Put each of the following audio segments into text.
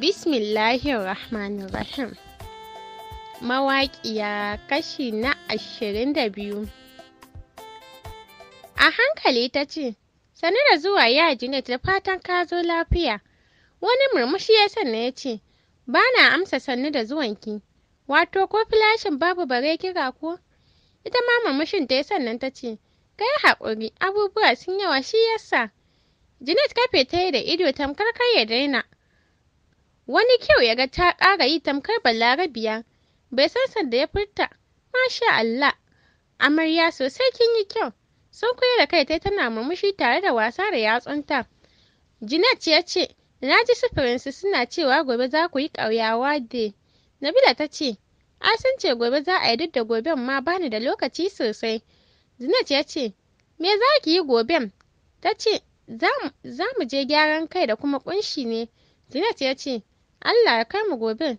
Bismillahir Rahmanir Rahim. Mawaƙiya kashi na ashirin da biyu. A hankali ta ce, Sani da zuwa ya ne ta fatan ka zo lafiya. Wani murmushi ya sanna ya ce, Ba na amsa sannu da zuwanki, wato ko filashin babu bare kira ko? Ita ma murmushin ta ya sannan ta ce, Ka yi haƙuri, abubuwa sun yawa shi yasa. Janet kafe ta yi da ido tamkar kai ya daina wani kyau ya ga ta ƙara yi tamkar balarabiya bai san sanda ya furta masha Allah amarya sosai kin yi kyau sun kuyi da kai tai tana murmushi tare da wasa da yatsunta Janet ya ce na ji sufurinsu suna cewa gobe za ku yi ƙauyawa de. Nabila ta ce ai sun ce gobe za a yi duk da goben ma bani da lokaci sosai Janet ya ce me za ki yi goben ta ce za mu je gyaran kai da kuma ƙunshi ne Janet ya ce Allah ya kai mu gobe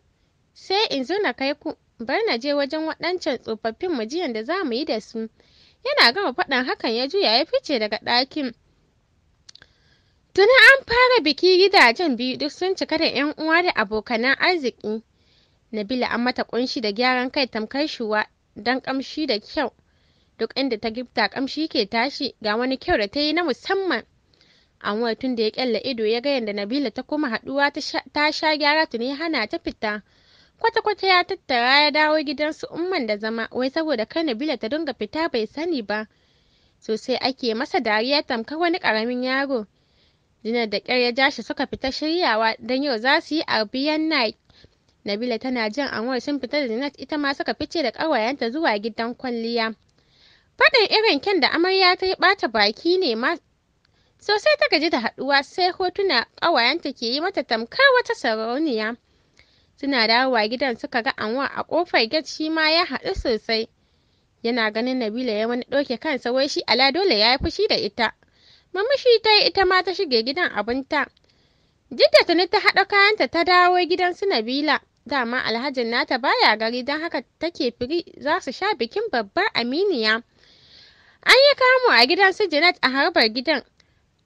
sai in zo na kai ku Bari na je wajen waɗancan tsofaffin mujiyan da za mu yi da su yana gama faɗan hakan ya juya ya fice daga ɗakin tuni an fara biki gidajen biyu duk sun cika da yan uwa da abokanan arziki nabila an mata kunshi da gyaran kai tamkar shuwa don kamshi da kyau duk inda ta gifta kamshi ke tashi ga wani kyau da ta yi na musamman Anwar tun da ya kyalla ido ya ga yadda Nabila ta kuma haduwa ta sha gyara tuni hana ta fita. Kwata-kwata ya tattara ya dawo gidansu umman da zama wai saboda kai Nabila ta dinga fita bai sani ba. Sosai ake masa dariya tamkar wani karamin yaro. Dinar da kyar ya ja shi suka fita shiryawa don yau za su yi arbiyan night. Nabila tana jin Anwar sun fita da Zinat ita ma suka fice da ƙawayenta zuwa gidan kwalliya. Faɗin irin kyan da amarya ta yi ɓata baki ne ma sosai ta gaji da haɗuwa sai hotuna ƙawayenta ke yi mata tamkar wata sarauniya suna dawowa gidan suka ga anwa a ƙofar gate shi ma ya haɗu sosai yana ganin nabila ya wani ɗauke kansa wai shi ala dole ya yi fushi da ita mamashi ta yi ita ma ta shige gidan abinta jidda tuni ta haɗa kayanta ta dawo gidan su nabila dama alhajin nata baya gari don haka take firi za su sha bikin babbar aminiya an yi kamo a gidan su janet a harbar gidan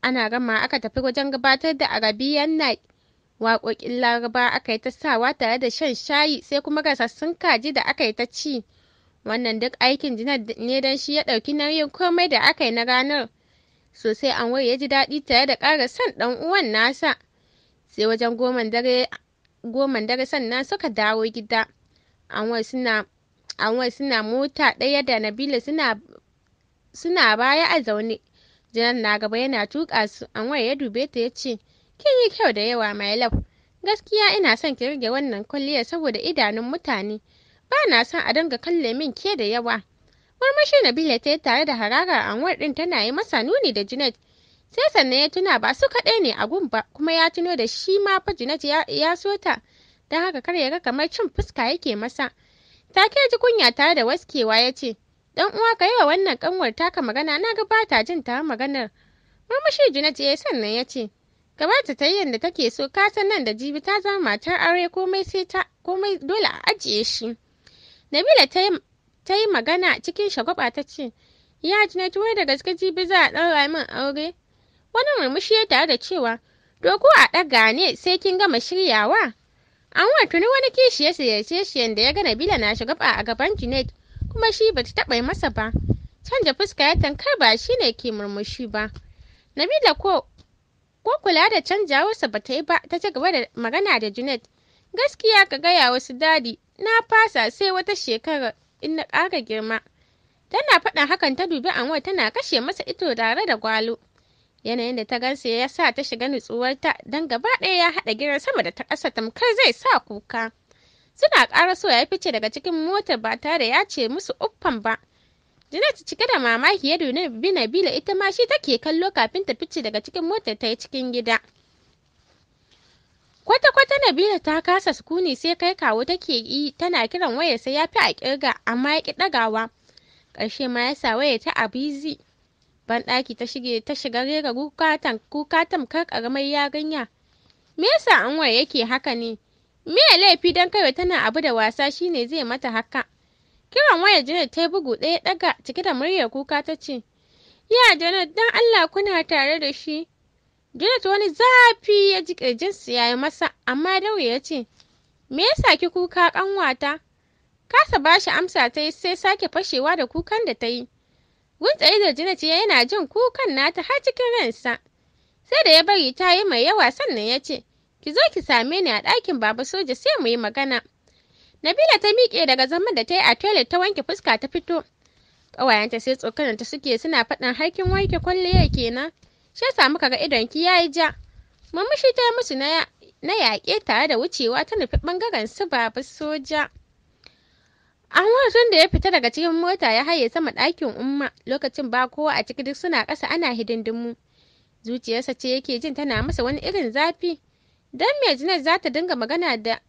ana gama aka tafi wajen gabatar da arabian night waƙoƙin laraba aka yi ta sawa tare da shan shayi sai kuma gasassun kaji da aka yi ta ci wannan duk aikin jinar ne don shi ya ɗauki nauyin komai da aka yi na ranar sosai anwar ya ji daɗi tare da ƙara son ɗan uwan nasa sai wajen goman dare sannan suka dawo gida anwar suna suna mota ɗaya da nabila suna baya a zaune jinan na gaba yana tuƙa su, Anwar ya dube ta ya ce, Kin yi kyau da yawa, my love. Gaskiya ina son ki rage wannan kwalliyar saboda idanun mutane. Ba na son a dinga kalle min ke da yawa. Murmushi Nabila ta yi tare da hararar Anwar ɗin tana yi masa nuni da jinet Sai sannan ya tuna ba su kaɗai ne a gun ba, kuma ya tuno da shi ma fa jinet ya so ta. Don haka kar ya ga kamar cin fuska yake masa. Take ji kunya tare da waskewa ya ce, Dan uwa ka yi wa wannan kanwar taka magana na ga ba ta jin ta maganar. Murmushi Janet ya sannan ya ce, Gabata ta yanda yadda take so ka san nan da jibi ta zama matar aure komai sai ta komai dole a ajiye shi. Nabila ta yi magana cikin shagwaba ta ce, Ya Janet wai da gaske jibi za a ɗaura min aure. Wani murmushi ya tare da cewa, Doko a ɗaga ne sai kin gama shiryawa. An tuni wani kishi ya ziyarce shi yadda ya ga Nabila na shagwaba a gaban Janet kuma shi bata taɓa masa ba canja fuska ya tankar ba shi ne ke murmushi ba nabila ko ko kula da canja wasa bata yi ba ta ci gaba da magana da junet gaskiya ka gaya wasu dadi na fasa sai wata shekara in na ƙara girma tana faɗan hakan ta dubi anwar tana kashe masa ito tare da gwalo yanayin da ta gansa ya sa ta shiga ta don gaba ɗaya ya haɗa gidan sama da ta ƙasa tamkar zai sa kuka suna so ya fice daga cikin mota ba tare ya ce musu uffan ba Janet cike da mamaki ya duna bi Nabila ita ma shi take kallo kafin ta fice daga cikin motar ta yi cikin gida. Kwata-kwata Nabila ta kasa sukuni sai kai kawo take yi tana kiran waya sai ya fi a kirga amma ya ki ɗagawa. Ƙarshe ma ya sa wayar ta a bizi. Banɗaki ta shige ta shiga rera kuka tamkar ƙaramar yarinya. Me yasa an anwar yake haka ne? miya laifi don kawai tana abu da wasa shine zai mata haka kiran waya janet ta bugu ɗaya ɗaga cike da muryar kuka ta ce ya janet don allah kuna tare da shi janet wani zafi ya ji ƙirjinsu ya yi masa amma dauye ya ce me ya ki kuka ƙanwata kasa ba shi amsa ta yi sai sake fashewa da kukan da ta yi wuntsaye da janet yana jin kukan nata har cikin ransa sai da ya bari ta yi mai yawa sannan ya ce ki zo ki same ni a ɗakin baba soja sai mu yi magana nabila ta miƙe daga zaman da ta yi a toilet ta wanke fuska ta fito ƙawayenta sai tsokanar ta suke suna faɗin harkin wanke kwalliya kenan shi yasa muka ga idon ki yayi ja mamushi ta musu na yaƙe tare da wucewa ta nufi ɓangaren su baba soja An tun da ya fita daga cikin mota ya haye sama ɗakin umma lokacin ba kowa a ciki duk suna ƙasa ana hidindimu. Zuciyarsa ce yake jin tana masa wani irin zafi. dan me Jinat za ta dinga magana da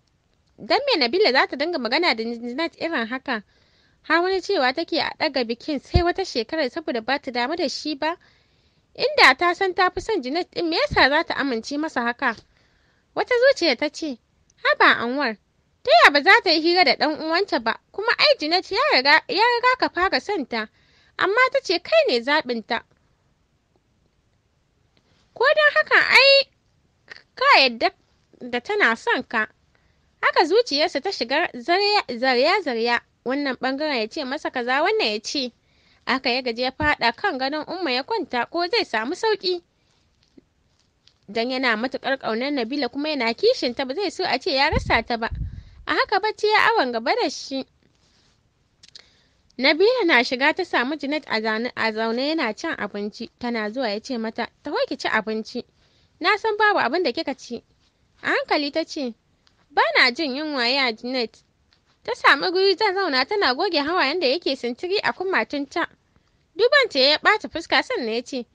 dan me Nabila za ta dinga magana da Jinat irin haka har wani cewa take a ɗaga bikin sai wata shekarar saboda ba ta damu da shi ba inda ta san ta fi son Jinat ɗin me yasa za ta amince masa haka wata zuciya ta ce haba Anwar ta ya ba za ta yi hira da ɗan uwanta ba kuma ai Jinat ya riga ka fara son ta amma ta ce kai ne zaɓinta ko don haka ai ka yadda da tana son ka haka zuciyarsa ta shiga zarya-zarya wannan bangaren ya ce masa kaza wannan ya ce aka ya gaji ya faɗa. kan ganin umma ya kwanta ko zai samu sauki dan yana matuƙar ƙaunar Nabila kuma yana kishin ta ba zai so a ce ya rasa ta ba a haka bacci ya awon gaba da shi Nabila na shiga ta samu Janet a zaune yana cin abinci tana zuwa ya ce mata ta ki ci abinci na san babu abin da kika ci a hankali ta ce ba na jin yunwa ya janet ta sami guri zan zauna tana goge hawayen da yake sintiri a kummatinta duban ta ya ɓata fuska sannan ya ce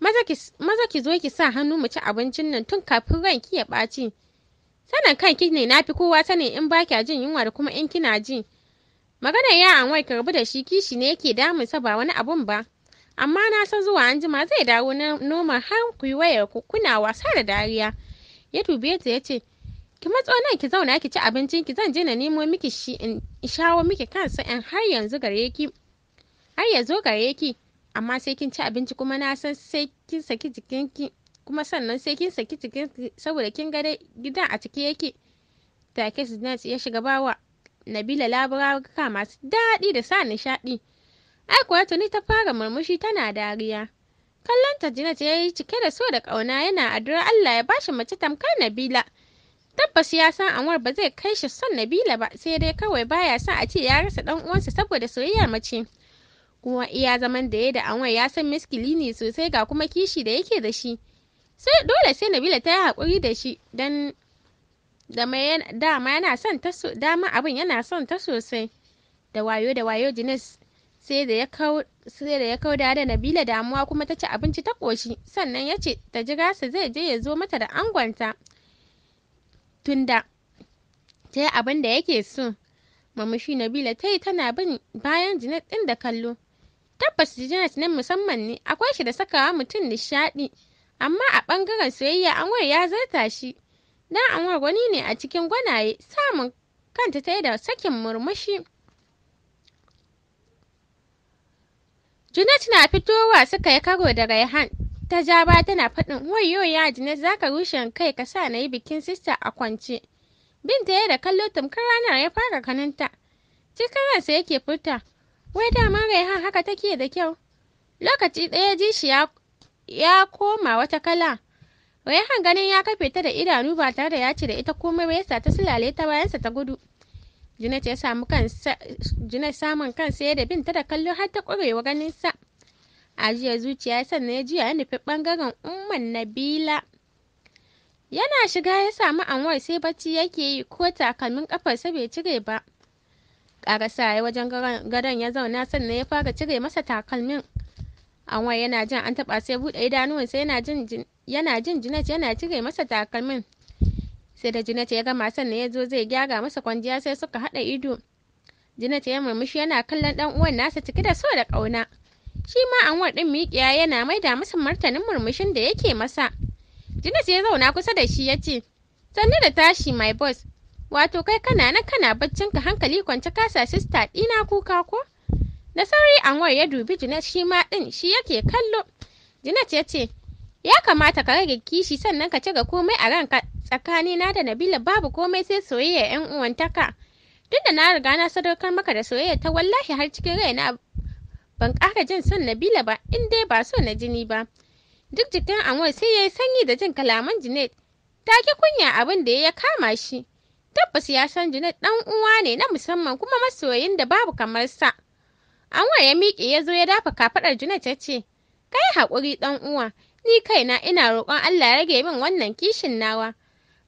maza ki zo ki sa hannu mu ci abincin nan tun kafin ran ki ya ɓaci sanin kanki ne na fi kowa sanin in ba kya jin yunwa da kuma in kina ji maganar ya wai ki rabu da shi kishi ne yake damunsa ba wani abun ba amma na san zuwa anjima zai dawo na noma har ku yi wayar ku kuna wasa da dariya ya dube ta ya ce ki matso nan ki zauna ki ci abincin ki zan je na nemo miki shi in shawo miki kansa in har yanzu gare ki har ya gare ki amma sai kin ci abinci kuma na san sai kin saki jikinki kuma sannan sai kin saki jikinki saboda kin ga gidan a cike yake take ya shiga bawa Nabila labura masu daɗi da sa nishaɗi. ai kuwa tuni ta fara murmushi tana dariya kallon ta Janet ya yi cike da so da ƙauna yana addu'ar Allah ya bashi mace tamkar Nabila tabbas ya san Anwar ba zai kai shi son Nabila ba sai dai kawai baya sa a ce ya rasa dan uwansa saboda soyayyar mace kuma iya zaman da ya da Anwar ya san miskili ne sosai ga kuma kishi da yake da shi sai dole sai Nabila ta yi haƙuri da shi dan dama yana son ta dama abin yana son ta sosai da wayo da wayo Janet sai da ya kau da Nabila damuwa kuma ta ci abinci ta koshi sannan ya ce ta ji gasa zai je ya zo mata da angonta tunda ta yi abin da yake so Murmushi Nabila ta yi tana bin bayan Janet ɗin da kallo tabbas Janet na musamman ne akwai shi da sakawa mutum nishaɗi amma a ɓangaren soyayya Anwar ya zarta shi dan Anwar gwani ne a cikin gwanaye samun kanta ta yi da sakin murmushi Junet na fitowa suka yi karo da Raihan ta ja ba tana faɗin wayo ya Junet za ka rushe kai ka sa na yi bikin sista a kwance. Binta ya da kallo tamkar ranar ya fara kaninta. Cikin ransa yake furta wai daman Raihan haka take da kyau. Lokaci ɗaya ji shi ya koma wata kala. Raihan ganin ya kafe ta da idanu ba tare da ya ce da ita komai ba ya sa ta sulale ta bayansa ta gudu. Junet ya samu kansa Junet samun kansa ya da binta da kallo har ta ƙurewa ganin sa. Ajiya zuciya sannan ya juya ya nufi ɓangaren umman Nabila. Yana shiga ya samu Anwar sai bacci yake yi ko takalmin sa bai cire ba. sa ya wajen gadon ya zauna sannan ya fara cire masa takalmin. Anwar yana jin an taɓa sai buɗe idanuwansa yana jin yana jin Junet yana cire masa takalmin sai da jinata ya gama sannan ya zo zai gyara masa kwanjiya sai suka haɗa ido jinata ya murmushi yana kallon ɗan uwan nasa cike da so da ƙauna shi ma anwar ɗin miƙiya yana maida masa martanin murmushin da yake masa jinata ya zauna kusa da shi ya ce sannu da tashi my boss wato kai kana nan kana baccin ka hankali kwance kasa sista ɗina kuka ko da sauri anwar ya dubi jinat shi ma ɗin shi yake kallo jinat ya ce ya kamata ka rage kishi sannan ka ci ga komai a ranka tsakanina da Nabila babu komai sai soyayya yan uwantaka tunda na riga na sadaukar maka da soyayya ta wallahi har cikin raina ban ƙara jin son Nabila ba in dai ba so na jini ba duk jikin Anwar sai yayi sanyi da jin kalaman Junaid ta ki kunya abin da ya kama shi tabbas ya san Junaid ɗan uwa ne na musamman kuma masoyin da babu kamar sa Anwar ya miƙe ya zo ya dafa kafaɗar Junaid ya ce kai haƙuri ɗan uwa ni kaina ina roƙon Allah ya rage min wannan kishin nawa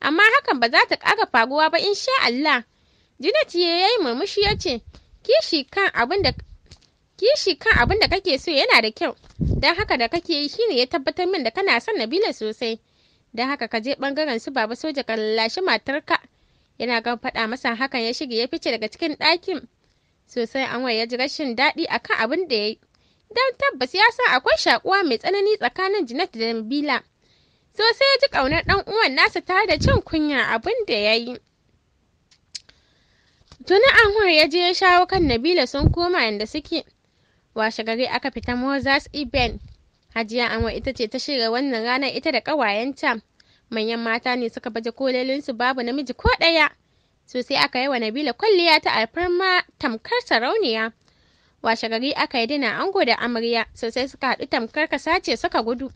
amma hakan ba za ta ƙara faruwa ba in sha Allah. Janet ya yi murmushi ya ce, kishi kan abin da kan kake so yana da kyau don haka da kake yi shine ya tabbatar min da kana son Nabila sosai don haka ka je ɓangaren su baba soja ka lashe matarka yana gan faɗa masa hakan ya shige ya fice daga cikin ɗakin sosai anwar ya ji rashin daɗi akan abin da ya yi don tabbas ya san akwai shakuwa mai tsanani tsakanin Janet da Nabila to sai ya ji ƙaunar ɗan uwan nasa tare da cin kunya abin da ya yi tuni anwar ya je ya shawo kan nabila sun koma yadda suke washe gari aka fita moses Iben? hajiya anwar ita ce ta shirya wannan ranar ita da ƙawayenta manyan mata ne suka baje kolalinsu babu namiji ko ɗaya sosai aka yi wa nabila kwalliya ta alfarma tamkar sarauniya washe gari aka yi dina ango da amarya sosai suka haɗu tamkar kasace suka gudu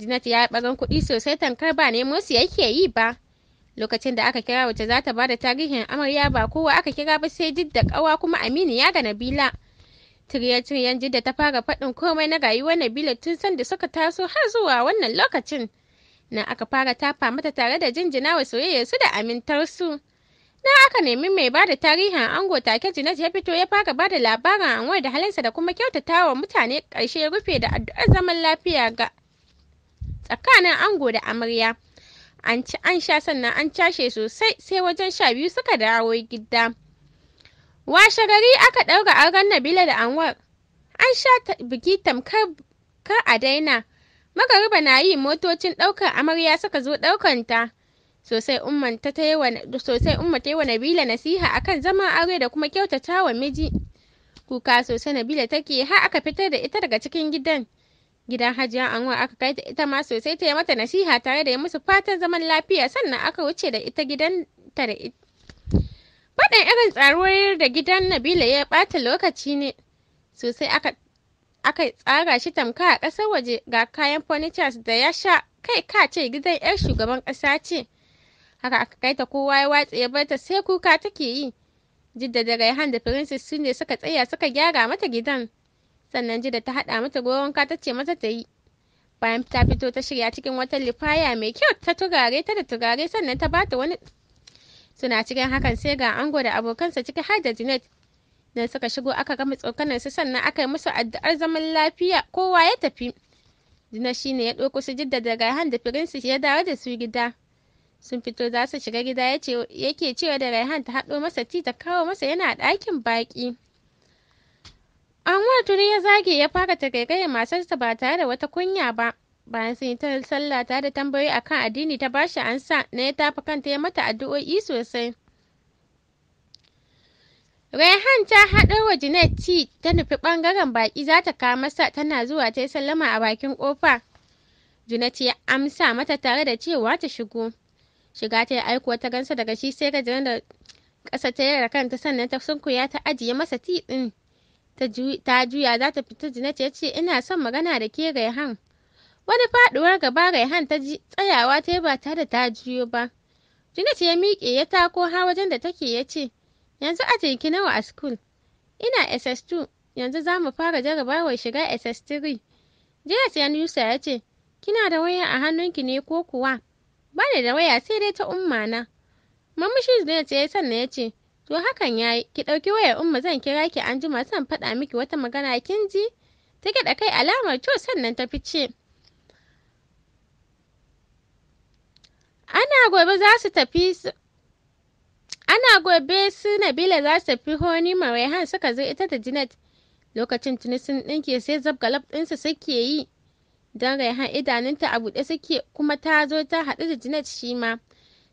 Jinat ya yi kuɗi sosai tankar ba nemo su yake yi ba. Lokacin da aka kira wacce za ta ba da tarihin amarya ba kowa aka kira ba sai jidda ƙawa kuma Aminu ya ga Nabila. Tiryan-tiryan jidda ta fara faɗin komai na rayuwar Nabila tun san da suka taso har zuwa wannan lokacin. Na aka fara tafa mata tare da jinjina wa soyayya su da amintarsu. Na aka nemi mai ba da tarihin ango take Jinat ya fito ya fara ba da labarin anwar da halinsa da kuma kyautata wa mutane ƙarshe rufe da addu'ar zaman lafiya ga tsakanin ango da amarya an ci an sha sannan an cashe sosai sai wajen sha biyu suka dawo gida washe gari aka ɗaura auren nabila da anwar an sha biki tamkar kar a daina magariba na yi motocin ɗaukar amarya suka zo ɗaukanta sosai umma ta yi wa nabila nasiha akan zama aure da kuma kyautata wa miji kuka sosai nabila take har aka fitar da ita daga cikin gidan gidan hajiya anwar aka kai ta ita ma sosai ta yi mata nasiha tare da yi musu fatan zaman lafiya sannan aka wuce da ita gidan ta da ita faɗin irin tsaruwar da gidan nabila ya ɓata lokaci ne sosai aka aka tsara shi tamka a ƙasar waje ga kayan furnitures da ya sha kai ka ce gidan 'yar shugaban ƙasa ce haka aka kai ta kowa ya watse ya bar ta sai kuka take yi jidda da raihan da princess su ne suka tsaya suka gyara mata gidan sannan jida ta haɗa mata goyon wanka ta ce mata ta yi bayan ta fito ta shirya cikin wata lifaya mai kyau ta turare ta da turare sannan ta bata wani suna cikin hakan sai ga ango da abokansa ciki har da jinet dan suka shigo aka gama tsokanar su sannan aka yi musu addu'ar zaman lafiya kowa ya tafi jinet shine ya ɗauko su jidda daga raihan da firinsi ya dawo da su gida sun fito za su shiga gida yake cewa da raihan ta haɗo masa ci ta kawo masa yana ɗakin baƙi Anwar Turi ya zage ya fara tagaigayar matarsa ba tare da wata kunya ba. Bayan sun yi ta sallah ta da tambayoyi akan addini ta bashi ansa na ya tafi kanta ya mata addu'o'i sosai. Rehan ta haɗo wa Janet ci ta nufi ɓangaren baƙi za ta kawo masa tana zuwa ta yi sallama a bakin ƙofa. Janet ya amsa mata tare da cewa ta shigo. Shiga ta yi aiko ta gansa daga shi sai gajeren da ƙasa ta yara kanta sannan ta sunkuya ta ajiye masa ti ɗin. ta juya za ta fita Jinat ya ce ina son magana da ke Raihan. Wani faduwar gaba Raihan ta ji tsayawa ta ba ta da ta juyo ba. Jinat ya miƙe ya tako ha wajen da take ya ce yanzu a jinki nawa a school. Ina SS2 yanzu za mu fara jarabawar shiga SS3. Jinat ya nusa ya ce kina da waya a hannunki ne ko kuwa? Ba da waya sai dai ta umma na. Mamashi Zinat ya sannan ya ce to hakan ya yi ki ɗauki wayar umma zan kira ki an jima zan faɗa miki wata magana kin ji ta gyaɗa kai alamar to sannan ta fice ana gobe za su tafi ana gobe su nabila za su tafi honi raihan suka zo ita da jinet lokacin tuni sun ɗinke sai zab galab suke yi don raihan idanunta a buɗe suke kuma ta zo ta haɗu da jinet shi ma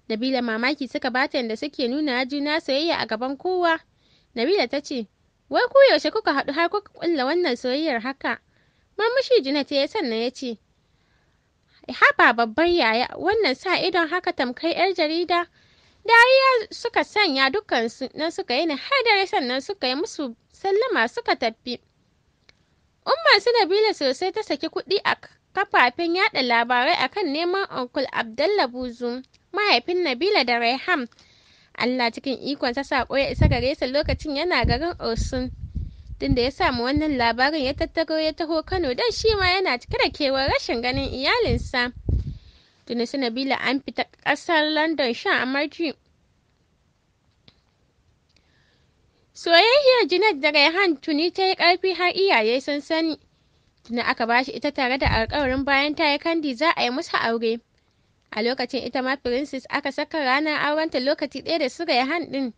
Nabila mamaki suka bata da suke nuna juna soyayya a gaban kowa. Nabila ta ce, Wai ku yaushe kuka haɗu har kuka ƙulla wannan soyayyar haka? Mamushi Juna ta yi sannan ya ce, Haba babbar yaya wannan sa idon haka tamkar 'yar jarida. Dariya suka sanya dukansu nan suka yi na hadari sannan suka yi musu sallama suka tafi. Umman su Nabila sosai ta saki kuɗi a kafafen yada labarai akan neman Uncle Abdullah mahaifin Nabila da Rayham. Allah cikin ikonsa sako ya isa gare sa lokacin yana garin Osun. tunda da ya samu wannan labarin ya tattaro ya taho Kano don shi ma yana cike da kewar rashin ganin iyalinsa. Tuni su Nabila an fita ƙasar London shan amarci. Soyayyar Janet da raihan tuni ta yi ƙarfi har iyaye sun sani. Tuni aka bashi ita tare da alƙawarin bayan ta yi kandi za a yi musu aure. a lokacin ita ma princess aka saka ranar aurenta lokaci ɗaya da suka yi ɗin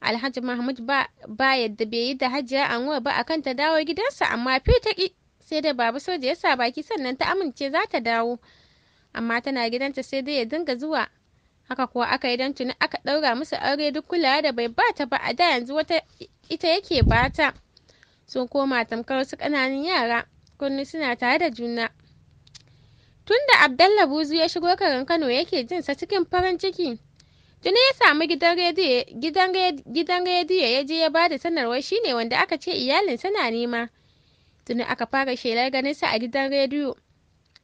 alhaji mahmud ba yadda bai yi da hajiya anwar ba akan ta dawo gidansa amma fiye ta ƙi sai dai babu soja ya sa baki sannan ta amince za ta dawo amma tana gidanta sai dai ya dinga zuwa haka kuwa aka yi don tuni aka ɗaura musu aure duk kulawa da bai bata ba a da yanzu wata ita yake bata sun koma tamkar wasu ƙananan yara kunni suna tare da juna Tun da Abdallah Buzu ya shigo karin Kano yake jin sa cikin farin ciki. Tuni ya samu gidan rediyo ya je ya ba da sanarwar shi wanda aka ce iyalin sana nema. Tuni aka fara shelar ganin sa a gidan rediyo.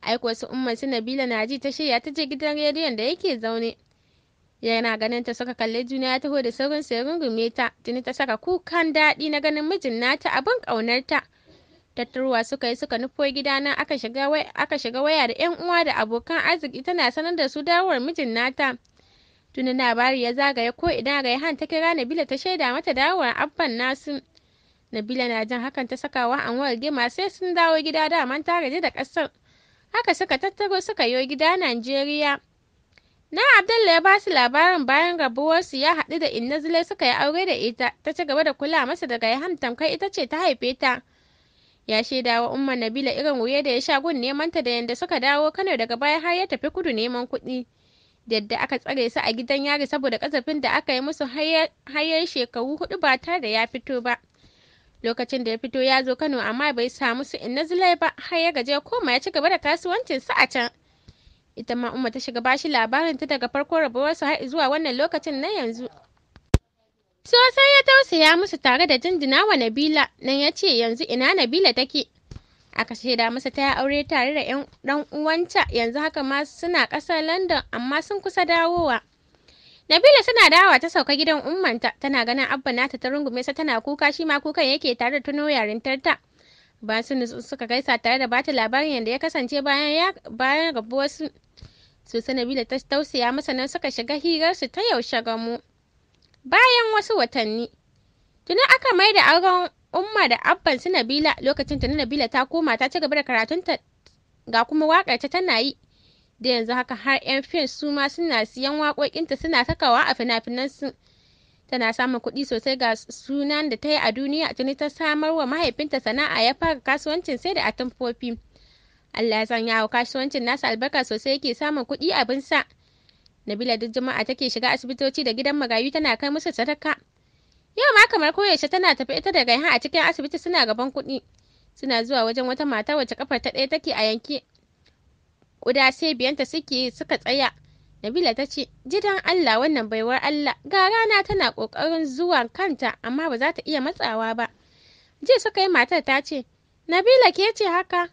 Aiko su umman su Nabila Naji ta shirya ta je gidan rediyon da yake zaune. yana ganin ta suka kalli juna ya taho da saurin sai rungume ta tuni ta saka kukan daɗi na ganin mijin nata abin ƙaunarta Tattaruwa suka yi suka nufo gidana aka shiga aka shiga waya da yan uwa da abokan arziki tana sanar da su dawowar mijin nata tuni labari ya zagaya ko idan raihan ta kira nabila ta shaida mata dawowar abban nasu nabila na jin hakan ta sakawa anwar gima sai sun dawo gida daman ta gaji da kasar haka suka tattaro suka yi gida najeriya na abdullahi ya basu labarin bayan rabuwarsu ya haɗu da inna zule suka yi aure da ita ta ci gaba da kula masa daga ya tamkar ita ce ta haife ta ya shaida wa umma nabila irin wuya da ya sha gun neman ta da yadda suka dawo kano daga baya har ya tafi kudu neman kuɗi yadda aka tsare su a gidan yari saboda kazafin da aka yi musu hayar shekaru hudu ba tare da ya fito ba lokacin da ya fito ya zo kano amma bai samu su inna zulai ba har ya gaje koma ya ci gaba da kasuwancin su a can ita ma umma ta shiga bashi labarin ta daga farko rabuwarsu har zuwa wannan lokacin na yanzu Sosai ya tausaya musu tare da jinjina wa Nabila nan ya ce yanzu ina Nabila take. Aka shaida masa ta aure tare da ‘yan ɗan uwanta yanzu haka ma suna ƙasar London amma sun kusa dawowa. Nabila suna dawowa ta sauka gidan ummanta tana ganin abba nata ta rungume sa tana kuka shi ma kukan yake tare da tuno yarintarta. Bayan sun suka gaisa tare da bata labarin yadda ya kasance bayan ya bayan rabuwar su. Nabila ta tausaya masa nan suka shiga hirarsu ta yaushe gamu. Bayan wasu watanni, tuni aka mai da auren Umma da Abban su Nabila lokacin tuni Nabila ta koma ta ci gaba da karatunta ga kuma wakar ta tana yi. Da yanzu haka har 'yan fim su ma suna siyan wakokinta, suna sakawa a fina-finan su. Tana samun kuɗi sosai ga sunan da ta yi a duniya tuni ta samar wa mahaifinta sana'a ya fara kasuwancin sai da atamfofi. Allah ya sanya wa kasuwancin nasa albarka sosai yake samun kuɗi abin sa. Nabila duk juma'a take shiga asibitoci da gidan magayu tana kai musu sadaka. Yau ma kamar koyaushe tana tafi ita da gaiha a cikin asibiti suna gaban kuɗi. Suna zuwa wajen wata mata wacce kafar ta ɗaya take a yanke. Kuda sai biyanta suke suka tsaya. Nabila ta ce, Jidan Allah wannan baiwar Allah, ga rana tana ƙoƙarin zuwa kanta amma ba za ta iya matsawa ba. Jiya suka yi matar ta ce, Nabila ke ce haka?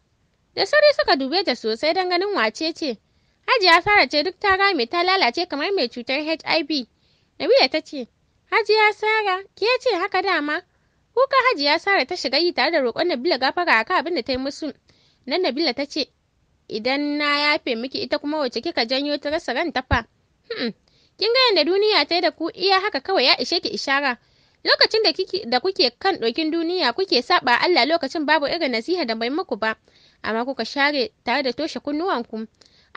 Da sauri suka dube ta sosai don ganin wace ce, Hajiya Sara ce duk ta rame ta lalace kamar mai cutar HIV. Nabila ta ce, Hajiya Sara, ya ce haka dama? Kuka Hajiya Sara ta shiga yi tare da roƙon Nabila gafara akan abin da ta yi musu. Nan Nabila ta ce, Idan na yafe miki ita kuma wace kika janyo ta rasa ran ta fa. Hmm, kin ga yadda duniya ta yi da ku iya haka kawai ya ishe ki ishara. Lokacin da kike da kuke kan ɗokin duniya kuke saba Allah lokacin babu irin nasiha da bai muku ba, amma kuka share tare da toshe kunnuwanku.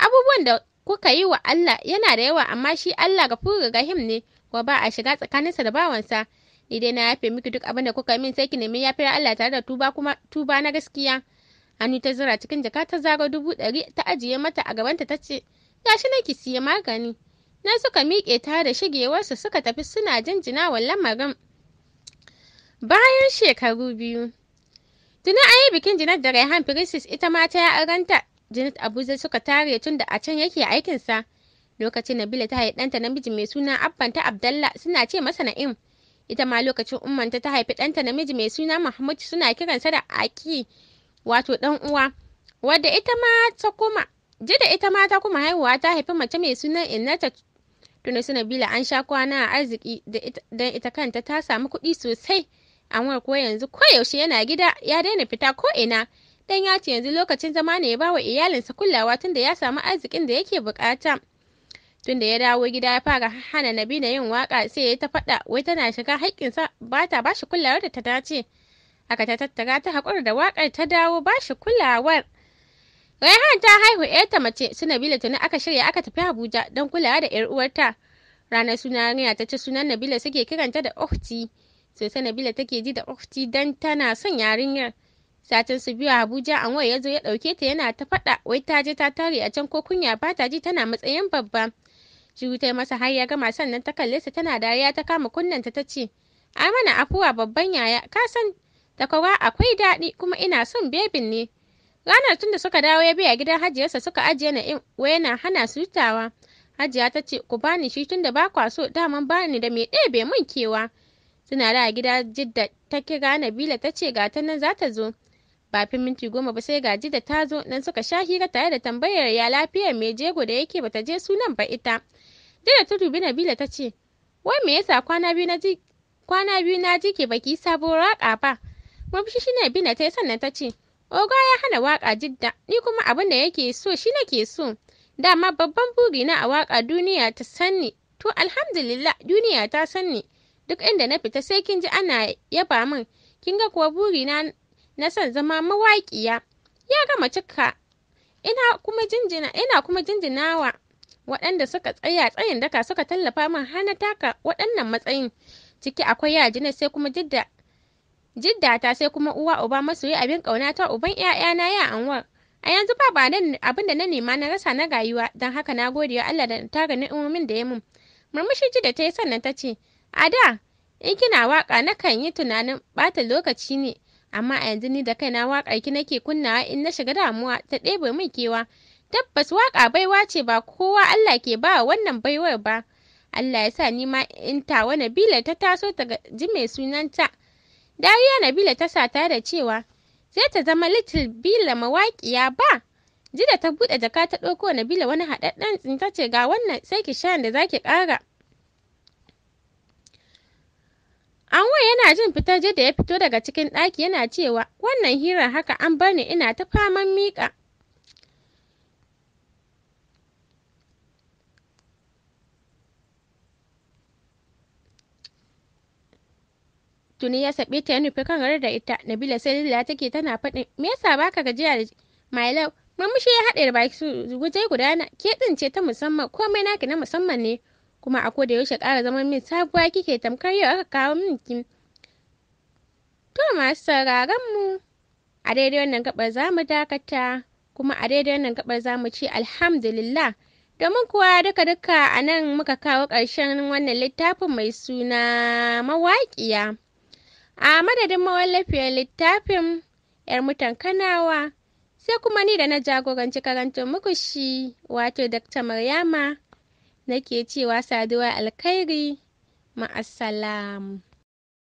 abubuwan da kuka yi wa Allah yana da yawa amma shi Allah ga ga him ne wa ba a shiga tsakaninsa da bawansa ni dai na yafe miki duk abin da kuka min sai ki nemi yafiyar Allah tare da tuba kuma tuba na gaskiya hannu ta zira cikin jaka ta zara dubu ɗari ta ajiye mata a gabanta ta ce gashi na ki siya magani na suka miƙe ta da shigewarsa suka tafi suna jinjina wa lamarin bayan shekaru biyu Tuna an yi bikin jinar da Raihan Princess ita ma ta aranta Janet Abuja suka tare tun da a can yake aikinsa. Lokacin Nabila ta haifi ɗanta namiji mai suna Abbanta Abdallah suna ce masa Na'im. Ita ma lokacin ummanta ta haifi ɗanta namiji mai suna Mahmud suna kiransa da Aki wato ɗan uwa. Wadda ita ma ta kuma Jida ita ma ta kuma haihuwa ta haifi mace mai sunan Innata tunda suna Nabila an sha kwana a arziki don ita kanta ta samu kuɗi sosai. Anwar ko yanzu ko yaushe yana gida ya daina fita ko ina Dan ya ce yanzu lokacin zama ne ya ba wa iyalinsa kulawa tunda ya samu arzikin da yake bukata. Tunda ya dawo gida ya fara hana Nabila yin waka sai ya ta faɗa wai tana shiga haƙƙinsa ba ta ba shi kulawar da ta dace. Aka ta tattara ta haƙura da waƙar ta dawo ba kulawar. Raihan ta haihu ‘yarta mace su Nabila tuni aka shirya aka tafi Abuja don kulawa da ‘yar uwarta. Ranar suna ta ce sunan Nabila suke kiranta da ofti Sosai Nabila take ji da Ukti dan tana son yarinyar. satin su biyu a abuja an ya zo ya ɗauke ta yana ta faɗa wai ta je ta tare a can ko kunya ba ta ji tana matsayin babba shiru ta masa har ya gama sannan ta kalle sa tana dariya ta kama kunnanta ta ce mana afuwa babban yaya ka san akwai daɗi kuma ina son bebin ne ranar tun da suka dawo ya biya gidan hajiyarsa suka ajiye na in yana hana su tawa. hajiya ta ce ku bani shi tun da ba kwa so daman bani da mai ɗebe mun kewa suna da gida jidda ta kira nabila ta ce ga nan za ta zo ba fi minti goma ba sai gaji da ta zo nan suka sha hira tare da tambayar ya lafiyar mai jego da yake bata je sunan ba ita da ta dubi nabila ta ce wai me yasa kwana biyu na ji kwana biyu na ji ke baki sabo waka ba murmushi shi nabila ta yi sannan ta ce oga ya hana waka jidda ni kuma abin da yake so shi ke so dama babban burina a waka duniya ta sanni to alhamdulillah duniya ta sanni duk inda na fita sai kin ji ana yaba min kin ga kuwa burina na son zama mawaƙiya ya gama cika ina kuma jinjina ina kuma jinjinawa waɗanda suka tsaya tsayin daka suka tallafa min hana taka waɗannan matsayin ciki akwai yajina sai kuma jidda jiddata sai kuma uwa uba masoyi abin ƙauna ta uban 'ya'yana ya anwar a yanzu ba ba abin da na nema na rasa na rayuwa don haka na gode wa Allah da tara ni'imomin da ya mun murmushi ji da ta yi sannan ta ce a da in kina waka nakan yi tunanin bata lokaci ne amma a yanzu ni da kaina waƙar ki nake kunnawa in na shiga damuwa ta ɗebe min kewa tabbas waƙa baiwa ce ba kowa Allah ke ba wannan baiwar ba Allah ya sa ni ma in ta wani. bila ta taso ta ji mai sunanta Dariya Nabila ta ta da cewa sai ta zama Little Bila mawaƙiya ba Jida ta buɗe jaka ta ɗauko na Nabila wani haɗaɗɗen tsinta ce ga wannan sai ki sha da zaki ƙara Anwa yana jin fitar da ya fito daga cikin ɗaki yana cewa wannan hirar haka an bar ni ina ta faman miƙa. Tuni ya saɓe ta ya nufi kan da ita Nabila sai Lila take tana faɗin me yasa baka gajiya da my love murmushi ya haɗe da baki su guje gudana ke ce ta musamman komai naki na musamman ne kuma a koda yaushe ƙara zaman min sabuwa kike tamkar yau aka kawo min ki to masu sauraron mu a daidai wannan gabar za mu dakata kuma a daidai wannan gabar za mu ce alhamdulillah domin kuwa duka duka a nan muka kawo ƙarshen wannan littafin mai suna mawaƙiya a madadin mawallafiyar littafin yar mutan kanawa sai kuma ni da na jagoranci karantar muku shi wato dr maryama nake cewa saduwa alkhairi ma'assalam